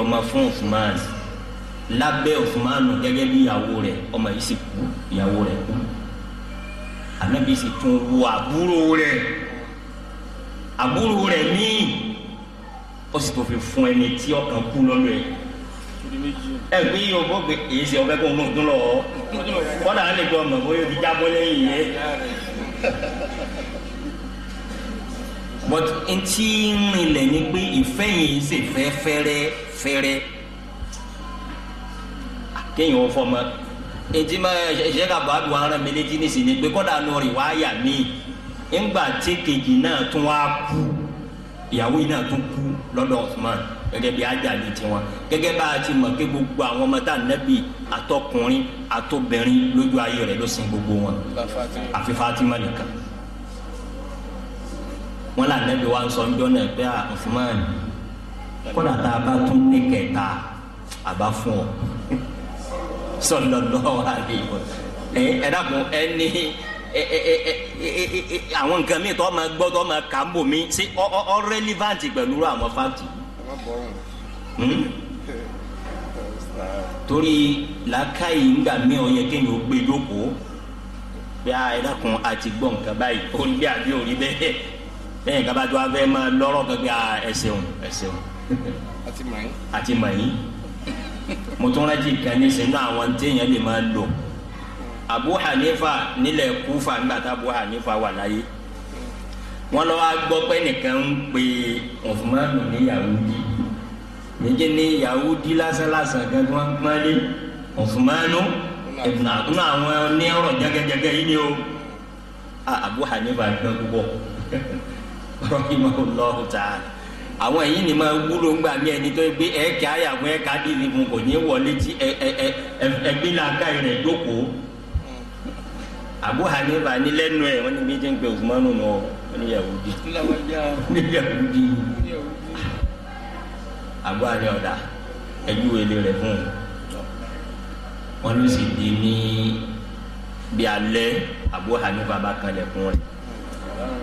ọmọ fún Usman lábẹ́ Usman gẹ́gẹ́ bí ìyàwó rẹ̀ ọmọ yìí sì kú ìyàwó rẹ̀ kú anabi sì tún wo àbúrò rẹ̀ àbúrò rẹ̀ míì ó sì tó fi fún ẹni tí ọkàn kú lọ́lọ́ ẹ̀ ẹgbẹ́ yìí o bó gbé èyí ṣe ọbẹ̀ kó ń dún lọ kọ́dà á lè gbọ́ ọmọ bóyá o ti jábọ́ lẹ́yìn yẹn but ntí rinlẹ̀ ni pé ìfẹ́ yẹn ṣe fẹ́ fẹ́rẹ́ fẹ́rẹ́ kéèyàn ó fọmọ etí ma ṣe ká bàbá wa rán mi létí ní sinmi pé kọ́dà nù rí wáyà mi ńgbà tí kejì náà tún wá kú ìyàwó yìí náà tún kú lọ́dọ̀ Usman gẹ́gẹ́ bí ajáde tiwọn gẹ́gẹ́ bá a ti mọ̀ pé gbogbo àwọn ọmọ tá a nẹ́bi àtọkùnrin àtobìnrin lójú ayé rẹ̀ ló sin gbogbo wọn àfi Fatima nìkan wọn là nẹ́bí wa sọ ńjọ́ náà pé ah, Usman kódà tá a bá tún ní kẹta a bá fún ọ sallallahu alaihi ẹ ẹ dàbọ̀ ẹ ní àwọn nǹkan mi tó máa gbọ́ tó máa kà ń bò mí sí ọ ọ relevant pẹ̀lú àwọn fáàtì. Hmm? torí làákàyè ńgbà mí ọ yẹ kéèyàn ó gbé jókòó bí a ẹ dákun àti gbọ́ nǹkan báyìí ó ń gbé àbí òrí bẹ́ẹ̀ bẹ́ẹ̀ eh, kábàjọ́ afẹ́ máa lọ́rọ̀ kankan ah, ẹ ṣeun ẹ ṣeun. àti màyín. àti màyín mo tún rántí kan ní awọn àwọn téèyàn lè máa Abu Hanifa nílẹ̀ Kúfà nígbà tá Abu Hanifa wà láyé wọn lọ wa gbọ́ pé nìkan ń pe Usmanu ní Yahudi níjẹ́ ní Yahudi lásánlásán kan tí wọ́n lé Usmanu ìbùnà àwọn ní jẹ́gẹ́jẹ́gẹ́ yìí ah, rahimahullahu ta'ala àwọn èyí ni máa wúlò ń gbà mí ẹni tó gbé ẹ̀ẹ́kẹ́ àyàwó ẹ̀ka dìbì fún kò ní wọlé tí ẹgbẹ́ làákà rẹ̀ jókòó Abu Hanifa ní lẹ́nu ẹ̀ wọ́n ni bí jẹ́ ń pe Usmanu nù ọ́ wọ́n ní Yahudi ní Yahudi Abu Hanifa ọ̀dà ẹjú wele rẹ̀ fún un wọ́n ló sì di ní bí alẹ́ Abu Hanifa bá kan lẹ̀kùn rẹ̀.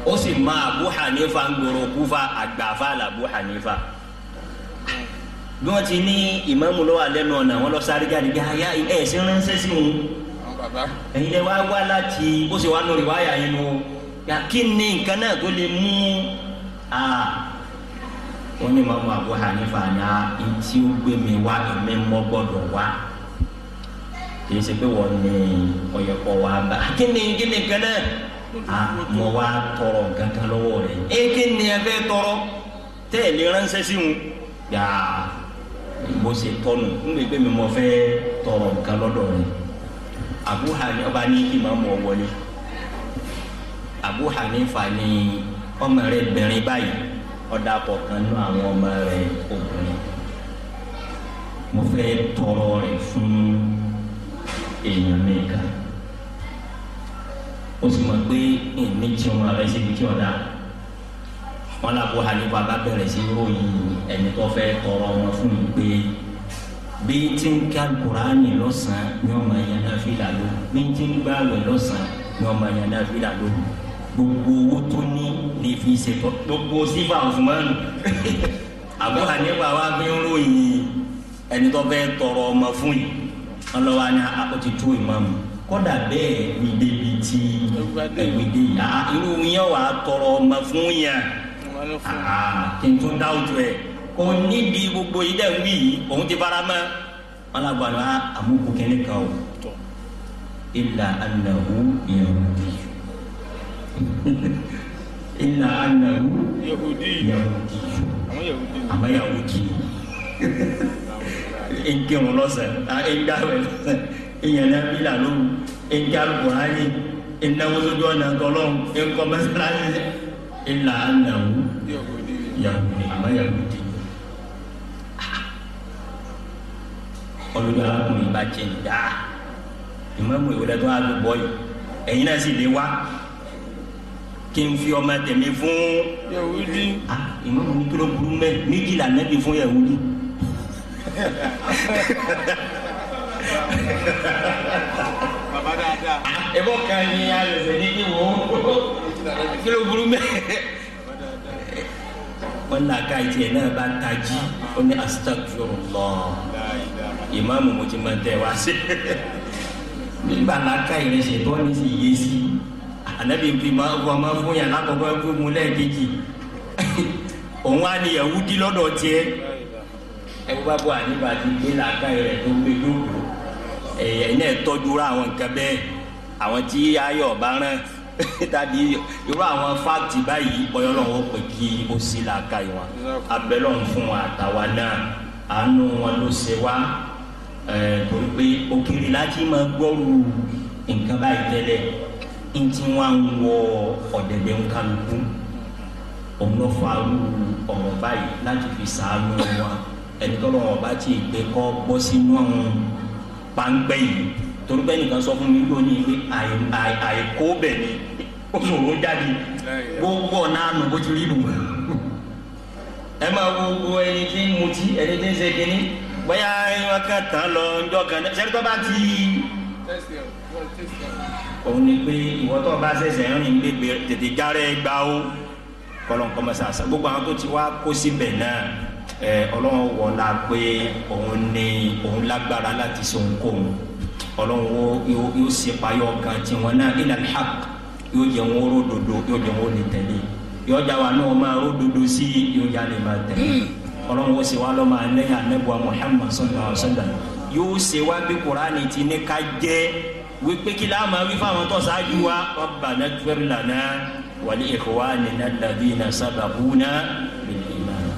o si ma abu hanifa ŋgoro kufa agbafa la abu hanifa dɔnti ni imamu lɔ alɛ nɔ na wɔlɔ sariga ni ya ya ɛ sɛnɛnsɛsi mu ɛyɛ wa wa la ti o si wa nori wa ya yi mu ya kini kana ko le mu a o ni imamu abu hanifa na eti o gbe mi eme mɔ gbɔdɔ wa ɛsɛ pe wɔ ne ɔyɛ kɔ wa ba Ah, mo wá tọrọ gangan lọ́wọ́ rẹ̀. eke ni ẹ fẹ́ tọrọ tẹ́ ẹ lè ránṣẹ́ sí wọn. yàà bó ṣe tọ́nu ń gbé pé mi mo fẹ́ tọrọ nǹkan lọ́dọ̀ rẹ̀. Abu Hanifa ọba ní kí màá mọ̀ wọlé. Abu Hanifa ni ọmọ rẹ̀ bẹ̀rin báyìí ọ̀dà obìnrin. mo fẹ́ tọrọ rẹ̀ fún èèyàn mi kan ó sì mọ̀ pé ìní tí wọn rẹ̀ síbi tí ọ̀dà wọn làbó hanifa bá bẹ̀rẹ̀ sí ròyìn ẹni tó fẹ́ tọrọ wọn fún mi pé bí tí ń ká kuraani lọ́sàn-án ni ọmọ yẹn náà fi là bí tí ń gbààwẹ̀ lọ́sàn-án ni ọmọ yẹn náà fi là gbogbo owó tó ní lè fi ṣètò gbogbo sífà Usman Abu Hanifa wa fi ń ròyìn ẹni tó fẹ́ tọrọ ọmọ fún yìí wọn lọ́wọ́ á ní akọ́tí tó ìmáàmù kọ́dà bẹ́ẹ̀ wí débi tí ẹ̀wí dé yá irú yẹn wàá tọrọ ọmọ fún yẹn ah, kí n tún dáwùjọ ẹ̀ kò níbi gbogbo yìí dẹ̀ ń wí yìí òun ti fara mọ́ wọn làgbà lọ ah, àmúkù kẹ́lẹ́ kan o ilà anahu yahudi ilà anahu yahudi yahudi àmọ́ yahudi nkírun lọ́sẹ̀ ẹ̀ ń dáwẹ̀ lọ́sẹ̀ ìyẹn náà bí là lóhùn ìjà buhari ìnáwósójú ọ̀nà tọ́lọ́hùn ìkọ́ mẹ́sàlásì ìlà ànàwó yahudi àmọ́ yahudi. olùdarí arákùnrin bá jẹ ìdá ìmọ̀mù ìwọlé tó àlù bọ́ yìí ẹ̀yin náà sì lè wá kí n fi ọmọ tẹ̀mí fún yahudi ìmọ̀mù ní burú mẹ́ méjìlá nẹ́bí fún yahudi. bàbá dáadáa. ẹ ah, bọ́ kan ní alẹ́sẹ̀ ní kí wò ó kí ló burú mẹ́. wọ́n là ká ìtì ẹ̀ náà bá tají ó ní astagfirullah ìmáàmù mo ti máa tẹ̀ wá sí. nígbà là ká ìrẹsẹ̀ bọ́ ní sì yé sí ànábì ń fi máa wọ́n máa fún yàrá kọ̀ọ̀kan fún mu lẹ́ẹ̀kejì òun á ní Yahudi tiẹ̀ ẹ bá bọ́ àníbàdí gbé làákàyè rẹ̀ tó gbé dókòó ẹ̀yẹ iná ẹ̀ ra àwọn nǹkan bẹ́ẹ̀ àwọn tí ayọ̀ bá rán tàbí irú àwọn fáàtì báyìí bọ́yọ̀ pé kí ó sì là ká ìwọ̀n abẹ́lọ̀ fún àtàwa náà àánú wọn ló ṣe wá torí pé òkèèrè láti máa gbọ́rù nǹkan báyìí tẹ́lẹ̀ ń tí wọ́n ń wọ ọ̀dẹ̀dẹ̀ ń kálukú òun ló fa arú ọ̀rọ̀ báyìí láti fi sàánú wọn ẹni tọ́lọ́wọ́n bá ti gbé kọ́ bọ́ sínú àwọn pàǹpẹ́ yìí torí pé nìkan sọ fún mi lónìí pé àìkó bẹ̀ ni ó sòro jáde gbogbo ọ̀nà àná bó ti rí nù. ẹ máa wo wo ẹni tí ń mutí ẹni tí ń ṣe kínní bóyá wọn kàn tán lọ ńjọ́ kan náà sẹ́ni tó bá ti. òun ni pé ìwọ tó bá ṣẹ̀ṣẹ̀ rìn gbégbé tètè járẹ́ gbá o gbogbo àwọn tó ti wá kó síbẹ̀ náà ẹ ọlọ́run wọlá pé òun ní òun lágbára láti ṣe ohunkóhun ọlọ́run wo yóò ṣe payọ́ kan tiwọn náà ilà alhaq yóò jẹ wọn ródodo yóò jẹ wọn ní tẹ̀lé yóò jà wà náà máa ródodo sí yóò jà lè máa tẹ̀lé ọlọ́run wo ṣe wá lọ́mọ anẹ́yà anẹ́bùa Muhammad sallallahu alaihi wasallam yóò ṣe wá bí kuraani ti ní ká jẹ́ wípé kí láàmú wí fáwọn tó ṣáájú wa rabbana ighfir lana wa li ikhwanina alladhina sabaquna.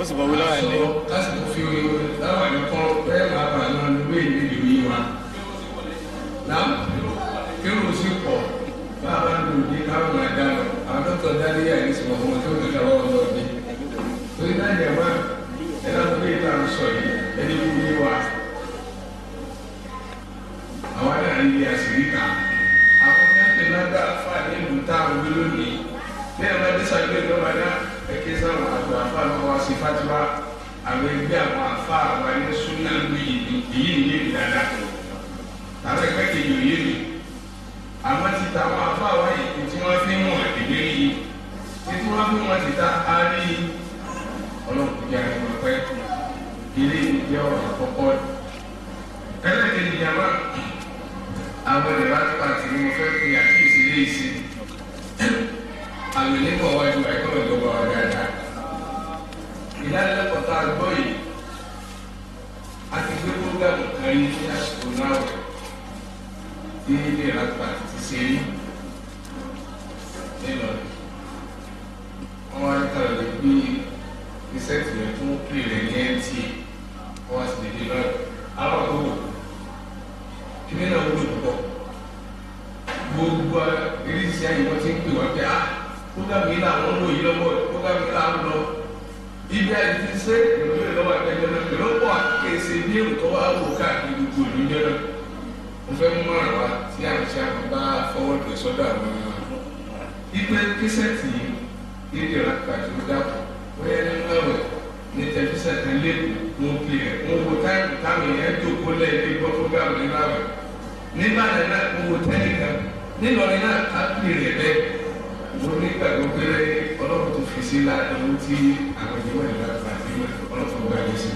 ó sì bọ̀ wí láwọn ẹ̀lẹ́. lásìkò fi láwọn ẹ̀lẹ́ kọ́ bẹ́ẹ̀ máa bà lọ lórí èdè ìlú yìí wa. náà kírun sí pọ̀ bá a bá ń lò ní káwọn máa dá lọ àwọn dókítà dálé yà ní sọ̀rọ̀ fún wọn tó ń tẹ̀lé wọn lọ bí. torí náà yẹ wá ẹ lọ́dún pé ìta ń sọ yìí ẹni kú yé wa. àwọn adáàrin yìí àṣírí kà àwọn kẹ́kẹ́ náà dá fáà ní ìlú táwọn gbé lónìí bẹ́ẹ̀ bá dé sí fatiwa àwọn ẹgbẹ́ àwọn afa àwọn ẹni súnà ń gbé yìí èyí nìyẹn ní dáadáa àwọn ẹgbẹ́ kejì òye mi àwọn ti ta àwọn afa àwọn èyí tí wọ́n fi mú àdébé yìí títí wọ́n fi wọ́n ti ta arí ọlọ́kùnrin jẹ́ àwọn kiri, ilé ìjẹ́ ọ̀rọ̀ àkọ́kọ́ ẹlẹ́kẹ̀ẹ́dì yàrá àwọn ẹ̀rọ àtúpàtì ni mo fẹ́ fi àkíyèsí lé ìsìn àwọn ènìyàn wájú ẹ̀kọ́ ìjọba rẹ̀ ìdánilẹ́kọ̀ọ́ tá a gbọ́ yìí a ti gbé programu kan yìí ní àsìkò náà rẹ̀ tí ilé ìràpà ti ṣe rí nínú rẹ̀ wọ́n wá ní kàrọ̀ lè gbé iṣẹ́ tìrẹ̀ tó ń pè rẹ̀ ní ẹ̀ńtì wọ́n wá sí lè dé lọ́rẹ̀ àwọn àkókò ìdí náà wúlò púpọ̀ gbogbo eré iṣẹ́ yìí wọ́n ah programu yìí làwọn ń lò yìí lọ́wọ́ programu yìí làwọn ń lọ ibi àti ṣe ìlú ìlọ́wọ́ ẹgbẹ́ náà ìlú pọ̀ kése ní nǹkan wá wò káàkiri gbogbo ìlú yẹn náà mo fẹ́ mú márùn wá tí à ń ṣe àwọn bá fọwọ́ tó sọ́dọ̀ àwọn ipe kẹsẹ̀tì yìí ní ìlera kàtó dàpọ̀ wọ́n yẹn nínú ẹ̀wẹ̀ ní tẹ̀síṣẹ̀ kan lẹ́kọ̀ọ́ mo pè é mo wo táìpù táwọn èèyàn jókòó lẹ́ẹ̀dẹ́ gbọ́ fún gbàgbọ́ nínú àwẹ̀ nígbàdàn tí ládùn tí àpèjúwe ìlú àti ọlọ́tún gba yìí sí.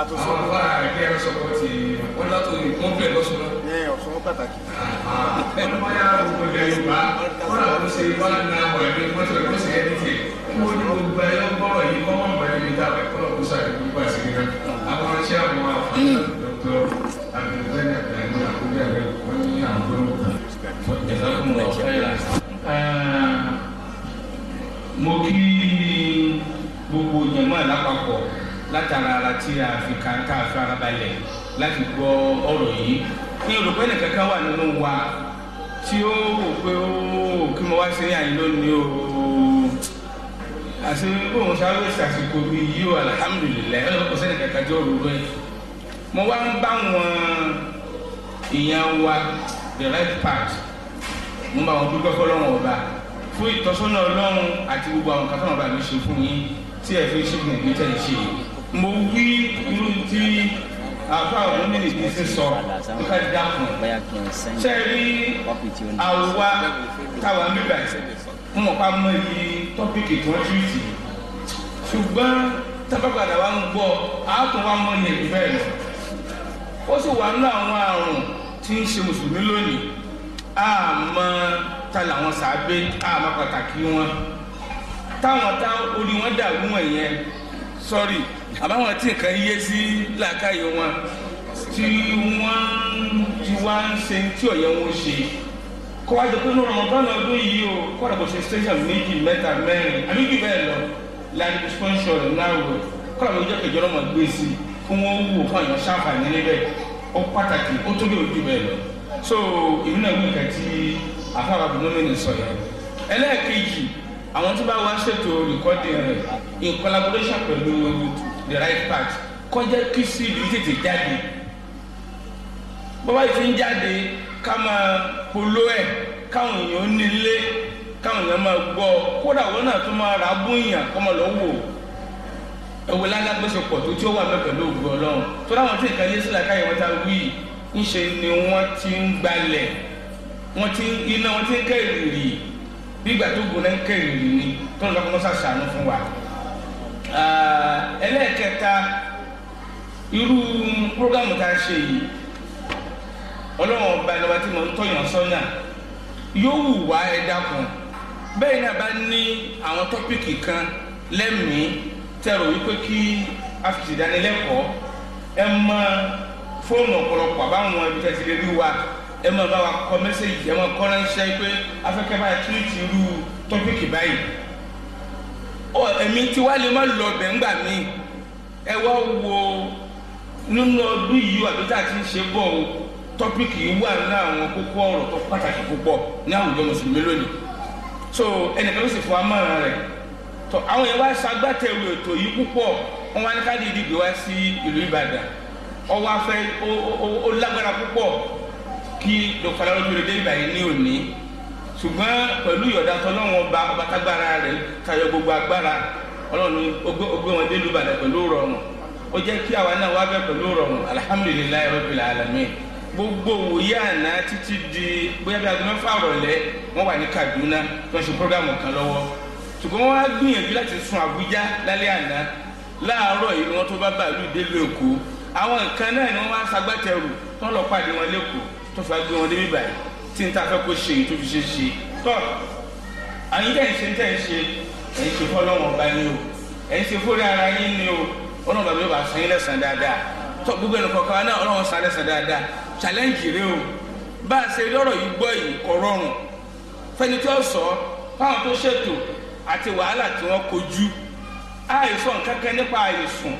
àwọn bá àgbẹ̀ ẹ̀rọ sọ̀kọ̀ ti wọ́n látò wọ́n bẹ̀rẹ̀ lọ́sọ̀ náà. ọ̀sán pàtàkì. ọlọ́mọ yà wọ́n gbẹ̀yìn wọ́n làwọn ṣe wọ́n náà. látara ara tí a fi kàn fara balẹ̀ láti gbọ́ ọ̀rọ̀ yìí ní olùkọ́ ẹnì kankan wà nínú wa tí ó wò pé ó kí mo wá sí àyìn lónìí o àti bóun sáré ṣàsìkò mi yìí o alihamudulilayi ọlọ́pàá kankan jẹ́ òru bẹ́ẹ̀ mo wá ń bá wọn ìyẹn wa the right part mo bá wọn dúpẹ́ fọlọ́run ọba fún ìtọ́sọ́nà ọlọ́run àti gbogbo àwọn kan tó wọn mi ṣe fún yín tí ẹ fi ṣe gbìyànjú tẹ̀ ṣe yìí mo wí irú tí àfa òmìnir ti ṣe sọ nǹkan dákun ṣe rí àwa táwa nígbà tí wọn pa mọ iye tọ́pìkì tí wọ́n ti tì ṣùgbọ́n tábàgbàdà wa ń gbọ́ àátún wa mọ ní ìlú bẹ́ẹ̀ ó sì wà nínú àwọn àrùn tí ń ṣe mùsùlùmí lónìí àmọ́ ta làwọn sàábé àmọ́ pàtàkì wọn táwọn tá orí wọn dàrú wọn sọ́rí àbáwọn tí nǹkan yé sí làákàyè wọn tí wọ́n ti wá ń ṣe tí ọ̀yẹ́ wọn ṣe kọ́ wájú pé lóra wọn báwọn ọdún yìí o kọ́ ọ̀dà ṣe station méjì mẹ́ta mẹ́rin àbí jù lọ láti sponsor náà wẹ̀ kọ́ ọ̀dà kẹjọ lọ́mọ gbé sí kí wọ́n wò fún àyàn ṣàǹfààní níbẹ̀ ó pàtàkì ó tó bí ojú bẹ́ẹ̀ lọ so ìlú náà wí nǹkan tí afárá bùnú mi sọ yẹn ẹlẹ́ẹ̀kejì àwọn tó bá wá ṣètò recording rẹ̀ in collaboration pẹ̀lú the right path. kọjá kí síìdì tètè jáde bọ́bá ti ń jáde ká máa polo ẹ̀ káwọn èèyàn nílé káwọn èèyàn máa gbọ́ kódà wọn náà tún máa rà á bún èèyàn kọ́ máa lọ wò ẹ̀wọ̀n lálágbèsèpọ̀ tó tí ó wà mẹ́fẹ̀ẹ́ ló gbọ́ ọlọ́run tó dáwọn tí ìkàlẹ́ sílẹ̀ káyé wọn ta wí ńṣe ni wọ́n ti ń gbalẹ̀ wọ́n ti iná wọ́n ti ń kẹ́ ìrìrì bí ìgbà tó gbóná ń kẹ́ ìrìrì ni tó ń lọ́kọ́ mọ́sàsà nù fún wa. Ah, ẹlẹ́ẹ̀kẹta irú programu tá a ṣe yìí ọlọ́wọ́n ọba ìlọba tí mo ń tọ̀yàn sọ́nà yóò wù wá ẹ dákun bẹ́ẹ̀ náà bá ní àwọn tọ́pìkì kan lẹ́mìí tẹ̀rọ wípé kí a fi ṣèdánilẹ́kọ̀ọ́ ẹ mọ fóònù ọ̀pọ̀lọpọ̀ àbáwọn ibi tẹ̀sí lè rí wa ẹ máa bá wa kọ mẹ́sẹ̀gì ẹ máa kọ ránṣẹ́ pé afẹ́kẹ́ báyìí túwìtì irú tọ́pìkì báyìí ẹ̀mí tí wàá lè má lọ bẹ̀ ńgbà míì ẹ wá wo nínú ọdún yìí àbí tá a ti ń ṣe bọ̀ o tọ́píkì yìí wà ní àwọn kókó ọ̀rọ̀ tó pàtàkì púpọ̀ ní àwùjọ mùsùlùmí lónìí so ẹnìkan ló sì fún amọ̀ràn rẹ̀ tó àwọn yẹn wá ṣagbátẹ̀wé ètò yìí púpọ̀ wọn wá ní káàdì ìdìbò wá sí ìlú Ìbàdàn ọwọ́ afẹ́ ó lágbára púpọ̀ kí lọ́kọ̀ọ́lá lójú dé Ìbàdàn ní òní ṣùgbọ́n pẹ̀lú ìyọ̀dá tọ́lọ́wọ́n ọba ọba tágbára rẹ̀ tayọ gbogbo agbára ọlọ́run ogbé wọn dé lùbàdàn pẹ̀lú rọrùn ó jẹ́ kí àwa náà wá bẹ̀ pẹ̀lú rọrùn alihamudulilayi rabbil alamin gbogbo wòye àná títí di bóyá bí aago mẹ́fà rọ̀lẹ́ wọ́n wà ní Kaduna tó ń ṣe programu kan lọ́wọ́ ṣùgbọ́n wọ́n á gbìyànjú láti sun Àbújá lálẹ́ àná láàárọ̀ yìí ni wọ́n tó bá bàálù délé Èkó àwọn nǹkan náà ni wọ́n wá sagbátẹrù tó ń wọn lẹ́kọ̀ọ́ tó fà gbé wọn débi báyìí tí n ta fẹ́ kó ṣe èyí tó fi ṣe ṣe tọ́ àyín tẹ̀ ń ṣe tẹ̀ ń ṣe ẹ̀ ṣe fún ọlọ́wọ́n ọba yín o ẹ̀ ń ṣe fún ara yín ni o ọlọ́wọ́n bàbá yóò bá san yín lẹ́sàn dáadáa tọ́ gbogbo ẹnu kọ̀ọ̀kan náà ọlọ́wọ́n san lẹ́sàn dáadáa challenge rẹ o bá a ṣe lọ́rọ̀ yìí gbọ́ yìí kò rọrùn fẹ́ni tí ó sọ fáwọn tó ṣètò àti wàhálà tí wọ́n kojú àìsàn kankan nípa àìsùn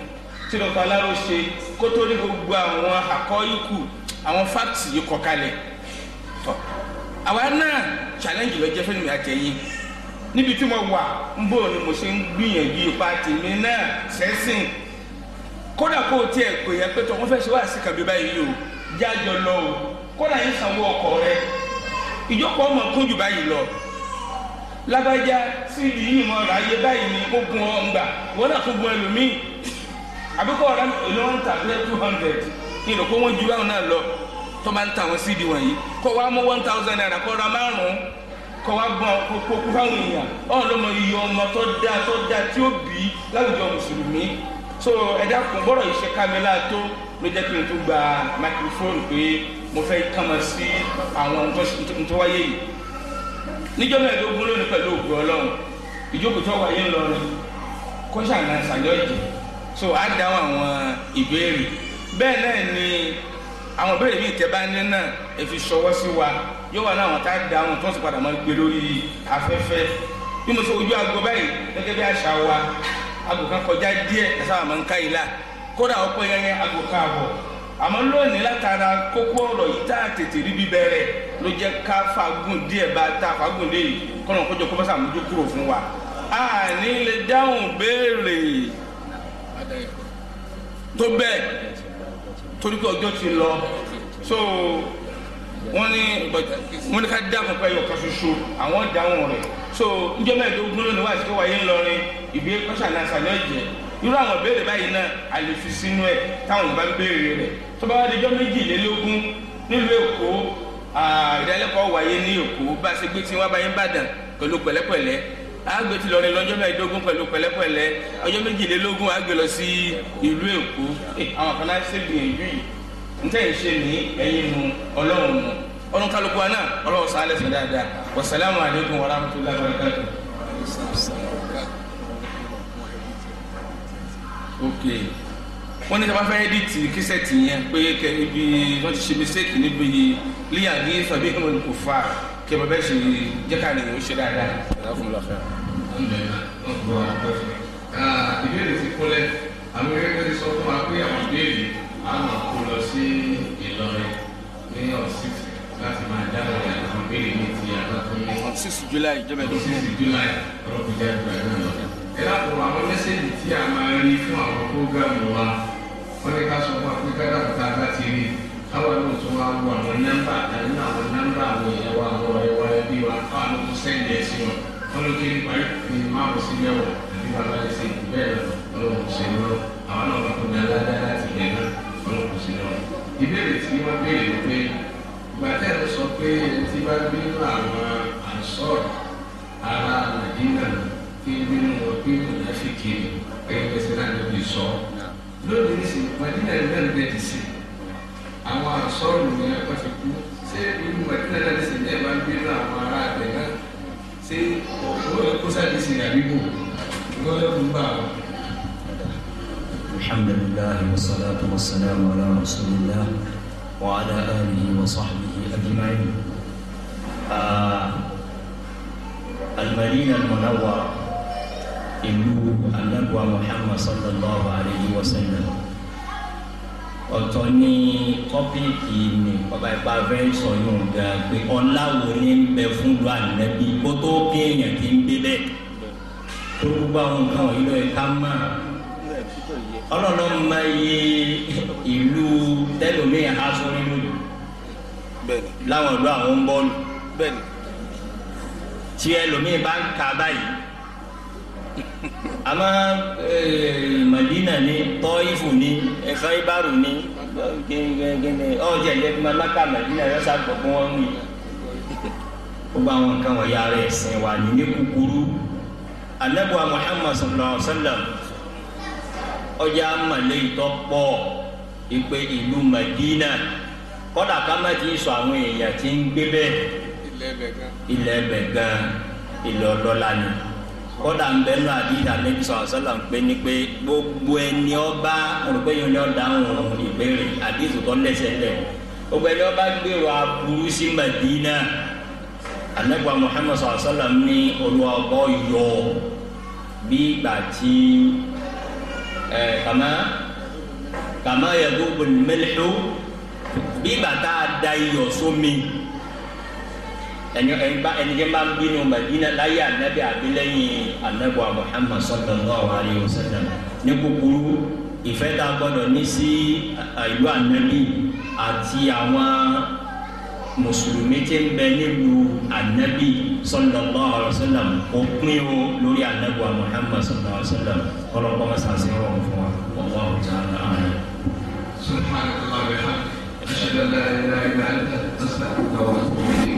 tí dr alaro ṣe kó tó ní gbogbo àwọn àkọ́yíkù àwọn fáàtì yìí kọ̀kalẹ̀ tọ àwa náà challenge ló jẹ fún mi àtẹ̀yìn níbi tí mo wà ń bò mo ṣe ń gbìyànjú ipa tèmi náà sẹ́sìn kódà kó o tiẹ̀ pè é pé tó wọ́n fẹ́ ṣe wá sí kàbí o jájọ lọ o kódà yín sanwó ọkọ rẹ ìjókòó ọmọ kún lọ lágbájá yìí báyìí ni ó gun ngbà náà gun ẹlòmíì ìlú wọn two hundred ìlú kó ju báwọn náà tó ń ta àwọn síbi wọ̀nyí kó wá mú one thousand naira kó ra márùn-ún kó wá gbọ́n kó fáwọn èèyàn ọ̀hún ló mọ iye ọmọ tó dáa tó dáa tí ó bí láwùjọ mùsùlùmí so ẹ̀dá kún bọ́rọ̀ ìṣe kámẹ́lá tó ló jẹ́ kí n tún gba microphone pé mo fẹ́ kàmọ́ sí àwọn tó wáyé yìí níjọ́ mẹ́ẹ̀ẹ́dógún lónìí pẹ̀lú òkú ọlọ́run ìjókòó tó wáyé ńlọrọrin kó ṣàlàyé sàjọ́ ìdí so á dáhùn àwọn ìbéèrè bẹ́ẹ̀ náà ni àwọn ìbéèrè míì tẹ́ bá ní náà ẹ fi ṣọwọ́ sí wa yóò wà náà àwọn tá a da àwọn tó ń sì padà máa gbé lórí afẹ́fẹ́ bí mo ṣe ojú aago báyìí gẹ́gẹ́ bí àṣà wa aago kan kọjá díẹ̀ ẹ sábà máa ń ká ìlà kódà ọ̀pọ̀ yẹn yẹn aago kan àbọ̀ àmọ́ lónìí látara kókó ọ̀rọ̀ yìí tá a tètè rí bíbẹ̀rẹ̀ ló jẹ́ ká fagùn díẹ̀ bá tá a fagùn dé yìí kọ́nà kójọ kó bá sàmójú kúrò fún wa. a ní lè dáhùn béèrè tó bẹ́ẹ̀ torí pé ọjọ́ ti lọ so wọ́n ní wọ́n ní ká dáhùn pé ọ̀kan ṣoṣo àwọn dáhùn rẹ̀ so níjọ́ mẹ́ẹ̀ẹ́dógún lónìí wáṣí tó wáyé ńlọrin ìbí pẹ́ṣà náà ṣàlẹ́ ìjẹ́ irú àwọn ìbéèrè báyìí náà a sínú ẹ̀ táwọn ìbá béèrè rẹ̀ tó bá wá méjìlélógún nílùú èkó ìdálẹ́kọ̀ọ́ wáyé ní èkó bá a ṣe gbé tí wọ́n bá yín bàdàn pẹ̀lú pẹ̀lẹ́pẹ̀lẹ́ àgbẹ̀ ti lọrin lọ́jọ́ mẹ́ẹ̀ẹ́dógún pẹ̀lú pẹ̀lẹ́pẹ̀lẹ́ ọjọ́ méjìlélógún àgbẹ̀ lọ sí ìlú Èkó eh, àwọn kan náà ṣe gbìyànjú yìí ntẹ́ yìí ṣe ní ẹ̀yin nu ọlọ́run nu ọdún kálukú wa náà ọlọ́run sá lẹ́sẹ̀ dáadáa wasalaamu aleykum wa rahmatulahi wa barakatuh. ok wọ́n ní sábàfẹ́ ẹ́díìtì kíṣẹ́ẹ̀tì yẹn pé kẹ ibi wọ́n ti ṣe mistake níbi líyàgé sọ̀bí ẹ̀mọ̀lùkù fà kẹ bàbá ẹ̀ ṣe jẹ́ká nìyẹn ó ṣe dáadáa ìbéèrè ti kúnlẹ̀ àwọn ẹgbẹ́ ti sọ fún wa pé àwọn ìbéèrè àwọn kò lọ sí Ìlọrin ní ọ̀sìn láti máa dáhùn àwọn ìbéèrè ní ti àbátúndé. on six July jẹ́mẹ̀ẹ́dógún. on six July ọlọ́kùnrin jẹ́ ìgbà náà lọ. ẹ láàbọ̀ àwọn mẹ́sẹ̀gì tí a máa rí fún àwọn prógámù wa wọ́n ní ká sọ fún wa pé kádà kúta bá ti rí káwọn náà tún wá wo àwọn wọ́n ló ti ń parí ní márùn sí mẹ́wàá bí bàbá yìí ṣe bẹ́ẹ̀ ọlọ́run ṣe ní wọn àwọn náà wọn kò dá ládá láti yẹn náà ọlọ́run ṣe ní wọn. ìbéèrè tí wọ́n béèrè ni pé ìgbà tẹ́ ló sọ pé ẹni tí bá bínú àwọn àṣọr ara nàìjíríà tí bínú wọn pé kò ní fi kiri ẹ̀yìn pẹ̀sẹ̀ náà ló fi sọ. lónìí ní sìn màdínà ní náà lè ti sìn àwọn àṣọr nìyẹn wọ́n ti kú ṣé ìlú màdínà náà ti sìn الحمد لله والصلاة والسلام على رسول الله وعلى آله وصحبه أجمعين المدينة المنورة إنه النبوة محمد صلى الله عليه وسلم ọ̀tọ̀ ní tọ́pìkì ní bàbá ìpa fẹ́ sọ yóò ga pé ọlá wo ni ń bẹ fún lu ànábì kó tó kéèyàn ti ń gbé bẹ́ẹ̀ tó gbogbo àwọn nǹkan wọ̀nyí lọ́ọ́ ká má ọlọ́lọ́ ma ye ìlú tẹ́lómìn asọ́rí lójú láwọn ìlú àwọn ń bọ́ọ̀lù tí ẹlòmíì bá ń ka báyìí. Ama Madina ni tọ́ìfù ni ẹ̀fọ́ ibàrù ni gẹ́gẹ́ ọ̀jẹ̀ yẹ kí máa lákà Madina yọ sábọ̀ fún wọn wí. gbogbo àwọn nǹkan wọ̀nyí ara ẹ̀sìn wà ní ní kúkúrú anabu Muhammad sallallahu alaihi wa sallam ọjà amalẹ̀ ìtọ́pọ̀ ìpè ìlú Madina kọ́dà ká má ti sọ àwọn èèyàn tí ń gbé bẹ́ẹ̀ ilẹ̀ ẹ̀bẹ̀ gan ilẹ̀ ọlọ́lá ni kódà ń bẹnu àdìdà níbi sọ̀rọ̀ ń pè ní pé gbogbo ẹni ọba olùgbé yìí ni ó dáhùn ìbéèrè àdìsù tó lẹ́sẹ̀ lẹ̀ gbogbo ẹni ọba gbèrò aburú sí Madina anagba Muhammad sọ̀rọ̀ ní olúwa ọgbọ́ yọ bí ìgbà ẹ kàmá kàmá yẹ gbogbo mẹlẹ́lú bí ìgbà da iyọ̀ sómi. So ẹnyọ ẹnba ẹnìjẹba ń bínú Madina láyé anabi abilẹyin anabuwa Muhammad sallallahu alayhi wa sallam ní kúkúrú ìfẹ́ tá a gbọ́dọ̀ ní sí ìlú anabi àti àwọn mùsùlùmí tí ń bẹ nílùú anabi sallallahu alayhi wa sallam ó pín o lórí anabuwa Muhammad sallallahu alayhi wa sallam kọlọ́kọ́ ma sàṣẹ wọn fún wa wallahu ta'ala a'lam. سبحانك اللهم وبحمدك أشهد أن لا